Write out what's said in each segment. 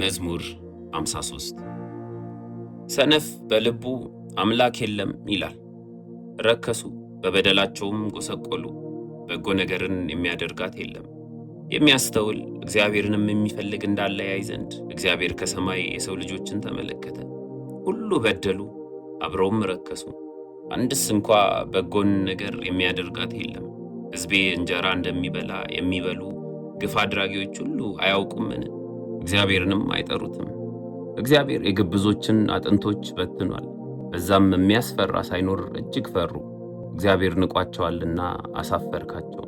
መዝሙር 53 ሰነፍ በልቡ አምላክ የለም ይላል። ረከሱ፣ በበደላቸውም ጎሰቆሉ። በጎ ነገርን የሚያደርጋት የለም። የሚያስተውል እግዚአብሔርንም የሚፈልግ እንዳለ ያይ ዘንድ እግዚአብሔር ከሰማይ የሰው ልጆችን ተመለከተ። ሁሉ በደሉ፣ አብረውም ረከሱ፣ አንድስ እንኳ በጎን ነገር የሚያደርጋት የለም። ሕዝቤ እንጀራ እንደሚበላ የሚበሉ ግፍ አድራጊዎች ሁሉ አያውቁምን? እግዚአብሔርንም አይጠሩትም። እግዚአብሔር የግብዞችን አጥንቶች በትኗል፣ በዛም የሚያስፈራ ሳይኖር እጅግ ፈሩ። እግዚአብሔር ንቋቸዋልና አሳፈርካቸው።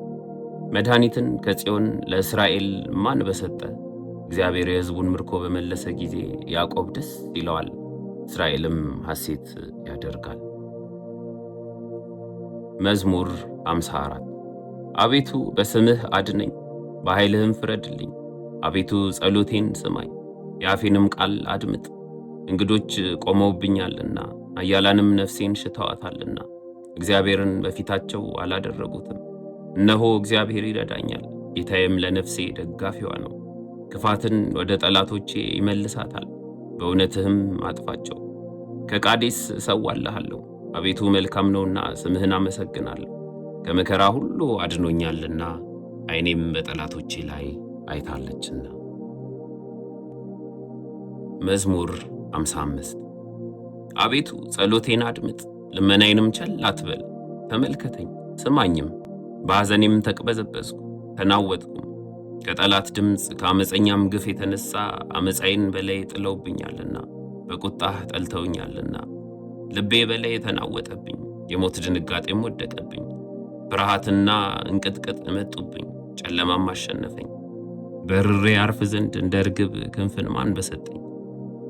መድኃኒትን ከጽዮን ለእስራኤል ማን በሰጠ? እግዚአብሔር የሕዝቡን ምርኮ በመለሰ ጊዜ ያዕቆብ ደስ ይለዋል፣ እስራኤልም ሐሴት ያደርጋል። መዝሙር 54 አቤቱ በስምህ አድነኝ፣ በኃይልህም ፍረድልኝ አቤቱ ጸሎቴን ስማኝ፣ የአፌንም ቃል አድምጥ። እንግዶች ቆመውብኛልና አያላንም ነፍሴን ሽተዋታልና እግዚአብሔርን በፊታቸው አላደረጉትም። እነሆ እግዚአብሔር ይረዳኛል፣ ጌታዬም ለነፍሴ ደጋፊዋ ነው። ክፋትን ወደ ጠላቶቼ ይመልሳታል፣ በእውነትህም አጥፋቸው። ከቃዴስ እሰዋልሃለሁ አቤቱ መልካም ነውና ስምህን አመሰግናለሁ። ከመከራ ሁሉ አድኖኛልና ዓይኔም በጠላቶቼ ላይ አይታለችና። መዝሙር 55 አቤቱ ጸሎቴን አድምጥ፣ ልመናዬንም ቸል አትበል። ተመልከተኝ ስማኝም፣ በሐዘኔም ተቅበዘበዝኩ ተናወጥኩም። ከጠላት ድምፅ ከአመፀኛም ግፍ የተነሳ አመፃይን በላይ ጥለውብኛልና በቁጣህ ጠልተውኛልና ልቤ በላይ የተናወጠብኝ፣ የሞት ድንጋጤም ወደቀብኝ። ፍርሃትና እንቅጥቅጥ መጡብኝ፣ ጨለማም አሸነፈኝ። በርሬ አርፍ ዘንድ እንደ ርግብ ክንፍን ማን በሰጠኝ?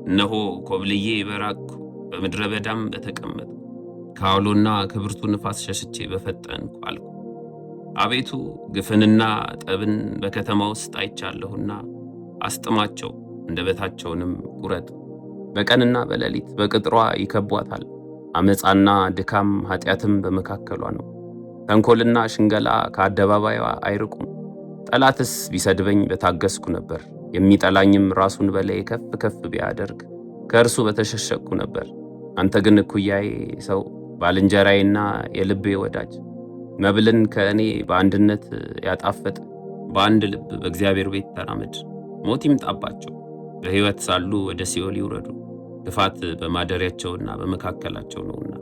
እነሆ ኮብልዬ በራቅኩ፣ በምድረ በዳም በተቀመጥኩ፣ ከአውሎና ከብርቱ ንፋስ ሸሽቼ በፈጠንኩ አልኩ። አቤቱ ግፍንና ጠብን በከተማ ውስጥ አይቻለሁና አስጥማቸው፣ እንደበታቸውንም ቁረጥ። በቀንና በሌሊት በቅጥሯ ይከቧታል። አመፃና ድካም ኃጢአትም በመካከሏ ነው። ተንኮልና ሽንገላ ከአደባባይዋ አይርቁም። ጠላትስ ቢሰድበኝ በታገስኩ ነበር። የሚጠላኝም ራሱን በላይ ከፍ ከፍ ቢያደርግ ከእርሱ በተሸሸቅኩ ነበር። አንተ ግን እኩያዬ ሰው፣ ባልንጀራዬና የልቤ ወዳጅ፣ መብልን ከእኔ በአንድነት ያጣፈጥ፣ በአንድ ልብ በእግዚአብሔር ቤት ተራመድ። ሞት ይምጣባቸው፣ በሕይወት ሳሉ ወደ ሲኦል ይውረዱ። ክፋት በማደሪያቸውና በመካከላቸው ነውና።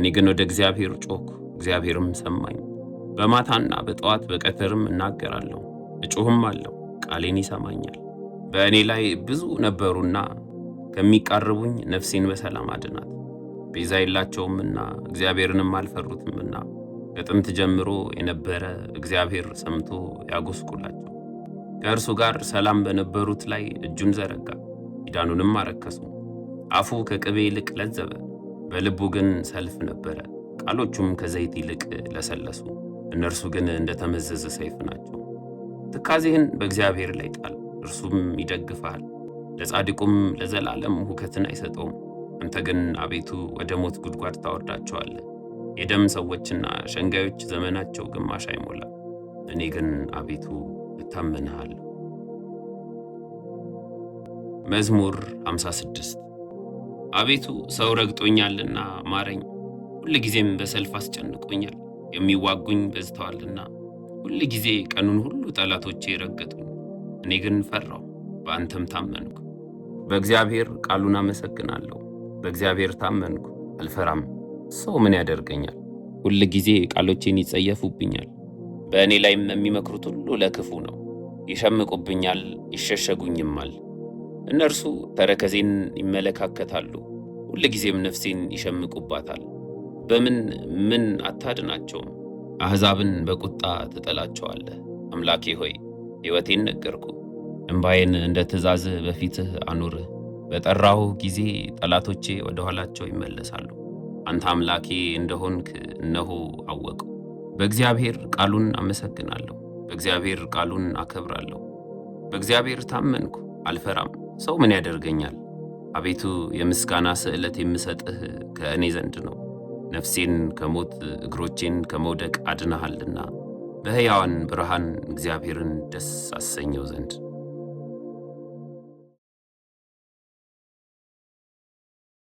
እኔ ግን ወደ እግዚአብሔር ጮኩ እግዚአብሔርም ሰማኝ። በማታና በጠዋት በቀትርም እናገራለሁ፣ እጩህም አለው፣ ቃሌን ይሰማኛል። በእኔ ላይ ብዙ ነበሩና ከሚቃርቡኝ ነፍሴን በሰላም አድናት። ቤዛ የላቸውምና እግዚአብሔርንም አልፈሩትምና ከጥንት ጀምሮ የነበረ እግዚአብሔር ሰምቶ ያጎስቁላቸው። ከእርሱ ጋር ሰላም በነበሩት ላይ እጁን ዘረጋ፣ ኪዳኑንም አረከሱ። አፉ ከቅቤ ይልቅ ለዘበ፣ በልቡ ግን ሰልፍ ነበረ። ቃሎቹም ከዘይት ይልቅ ለሰለሱ። እነርሱ ግን እንደተመዘዘ ሰይፍ ናቸው። ትካዜህን በእግዚአብሔር ላይ ጣል፣ እርሱም ይደግፍሃል። ለጻድቁም ለዘላለም ሁከትን አይሰጠውም። አንተ ግን አቤቱ ወደ ሞት ጉድጓድ ታወርዳቸዋለህ። የደም ሰዎችና ሸንጋዮች ዘመናቸው ግማሽ አይሞላም። እኔ ግን አቤቱ እታመንሃለሁ። መዝሙር 56 አቤቱ ሰው ረግጦኛልና ማረኝ፣ ጊዜም በሰልፍ አስጨንቆኛል። የሚዋጉኝ በዝተዋልና ሁል ጊዜ ቀኑን ሁሉ ጠላቶቼ ረገጡኝ። እኔ ግን ፈራው፣ በአንተም ታመንኩ። በእግዚአብሔር ቃሉን አመሰግናለሁ። በእግዚአብሔር ታመንኩ፣ አልፈራም። ሰው ምን ያደርገኛል? ሁል ጊዜ ቃሎቼን ይጸየፉብኛል። በእኔ ላይም የሚመክሩት ሁሉ ለክፉ ነው። ይሸምቁብኛል፣ ይሸሸጉኝማል። እነርሱ ተረከዜን ይመለካከታሉ፣ ሁል ጊዜም ነፍሴን ይሸምቁባታል። በምን ምን አታድናቸውም? አሕዛብን በቁጣ ትጠላቸዋለህ። አምላኬ ሆይ ሕይወቴን ነገርኩ፣ እምባዬን እንደ ትእዛዝህ በፊትህ አኑር። በጠራሁ ጊዜ ጠላቶቼ ወደ ኋላቸው ይመለሳሉ። አንተ አምላኬ እንደሆንክ እነሆ አወቁ። በእግዚአብሔር ቃሉን አመሰግናለሁ፣ በእግዚአብሔር ቃሉን አከብራለሁ። በእግዚአብሔር ታመንኩ አልፈራም፣ ሰው ምን ያደርገኛል? አቤቱ የምስጋና ስዕለት የምሰጥህ ከእኔ ዘንድ ነው። ነፍሴን ከሞት እግሮቼን ከመውደቅ አድናሃልና በሕያዋን ብርሃን እግዚአብሔርን ደስ አሰኘው ዘንድ